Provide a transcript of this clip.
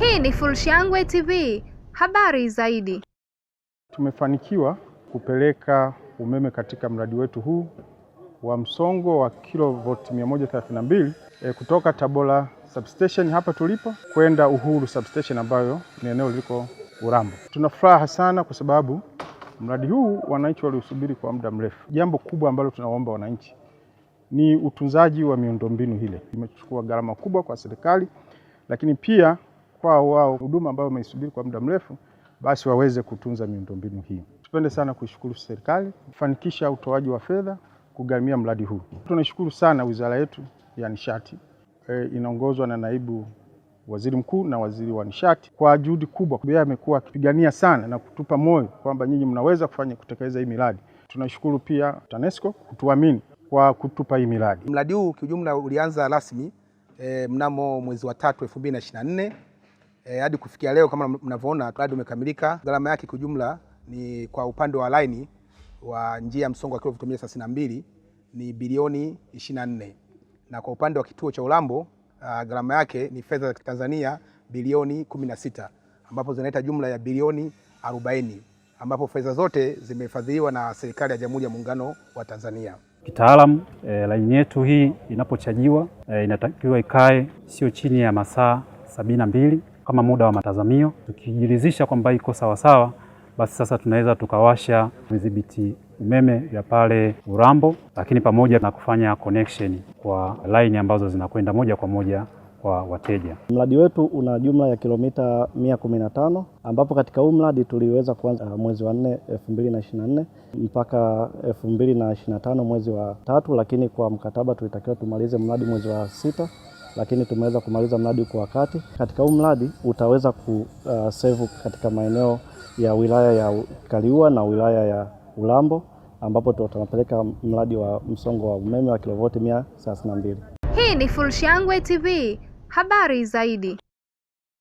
Hii ni Fullshangwe TV, habari zaidi. Tumefanikiwa kupeleka umeme katika mradi wetu huu wa msongo wa kilovoti 132 e, kutoka Tabora substation hapa tulipo kwenda Uhuru substation ambayo ni eneo liliko Urambo. Tuna furaha sana kwa sababu mradi huu wananchi waliusubiri kwa muda mrefu. Jambo kubwa ambalo tunawaomba wananchi ni utunzaji wa miundombinu hile, imechukua gharama kubwa kwa serikali, lakini pia kwao wao huduma ambayo wameisubiri kwa muda mrefu, basi waweze kutunza miundombinu hii. Tupende sana kuishukuru serikali kufanikisha utoaji wa fedha kugharamia mradi huu. Tunashukuru sana wizara yetu ya nishati e, inaongozwa na naibu waziri mkuu na waziri wa nishati kwa juhudi kubwa. Yeye amekuwa akipigania sana na kutupa moyo kwamba nyinyi mnaweza kufanya kutekeleza hii miradi. Tunashukuru pia TANESCO kutuamini kwa kutupa hii miradi. Mradi huu kiujumla ulianza rasmi e, mnamo mwezi wa tatu 2024 e, hadi kufikia leo kama mnavyoona mradi umekamilika. Gharama yake kwa ni kwa upande wa laini wa njia ya msongo wa kilomita mbili ni bilioni 24, na kwa upande wa kituo cha Urambo ah, gharama yake ni fedha za Tanzania bilioni 16, ambapo zinaleta jumla ya bilioni 40, ambapo fedha zote zimefadhiliwa na serikali ya Jamhuri ya Muungano wa Tanzania. Kitaalamu e, laini yetu hii inapochajiwa e, inatakiwa ikae sio chini ya masaa sabini na mbili kama muda wa matazamio. Tukijiridhisha kwamba iko sawasawa, basi sasa tunaweza tukawasha vidhibiti umeme vya pale Urambo, lakini pamoja na kufanya connection kwa line ambazo zinakwenda moja kwa moja kwa wateja. Mradi wetu una jumla ya kilomita 115 ambapo katika huu mradi tuliweza kuanza mwezi wa 4 2024 mpaka 2025 mwezi wa tatu, lakini kwa mkataba tulitakiwa tumalize mradi mwezi wa sita lakini tumeweza kumaliza mradi kwa wakati. Katika huu mradi utaweza kusevu uh, katika maeneo ya wilaya ya Kaliua na wilaya ya Urambo ambapo tunapeleka mradi wa msongo wa umeme wa kilovoti mia Hii ni Fullshangwe TV, habari zaidi.